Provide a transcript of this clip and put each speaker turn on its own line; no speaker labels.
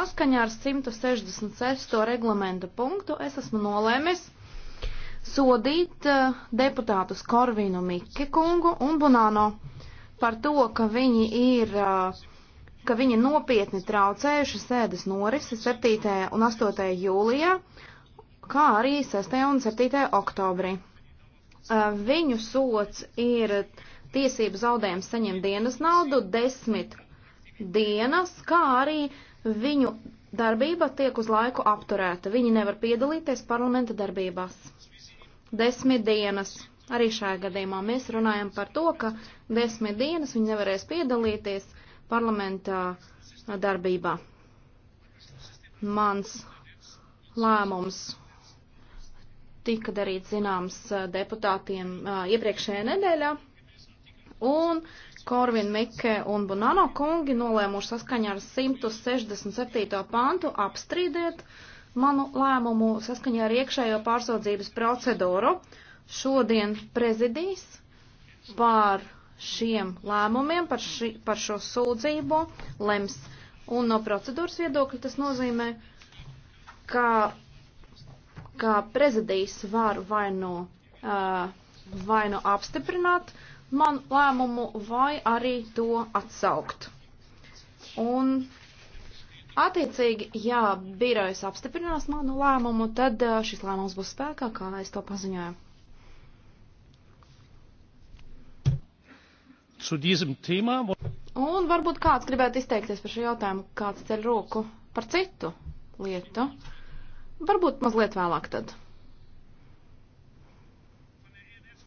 Askaņā ar 166. reglamenta punktu es esmu nolēmis sodīt uh, deputātus Korvinu Mikke kungu un Bunāno par to, ka viņi ir, uh, ka viņi nopietni traucējuši sēdes norisi 7. un 8. jūlijā, kā arī 6. un 7. oktobrī. Uh, viņu sots ir tiesību zaudējums saņemt dienas naudu desmit dienas, kā arī uh, Viņu darbība tiek uz laiku apturēta. Viņi nevar piedalīties parlamenta darbībās. Desmit dienas. Arī šajā gadījumā mēs runājam par to, ka desmit dienas viņi nevarēs piedalīties parlamentā darbībā. Mans lēmums tika darīts zināms deputātiem iepriekšējā nedēļā, un uh, Korvin Mikke un Bonano kungi nolēmuši saskaņā ar 167. pantu apstrīdēt manu lēmumu saskaņā ar iekšējo pārsaudzības procedūru. Šodien prezidijs par šiem lēmumiem, par, ši, par šo sūdzību lems. Un no procedūras viedokļa tas nozīmē, ka, ka prezidijs var vai no, uh, vai no apstiprināt uh, man lēmumu vai arī to atsaukt. Un attiecīgi, ja birojas apstiprinās manu lēmumu, tad uh, šis lēmums būs spēkā, kā es to paziņoju. Un varbūt kāds gribētu izteikties par šo jautājumu, kāds ceļ roku par citu lietu. Varbūt mazliet vēlāk tad.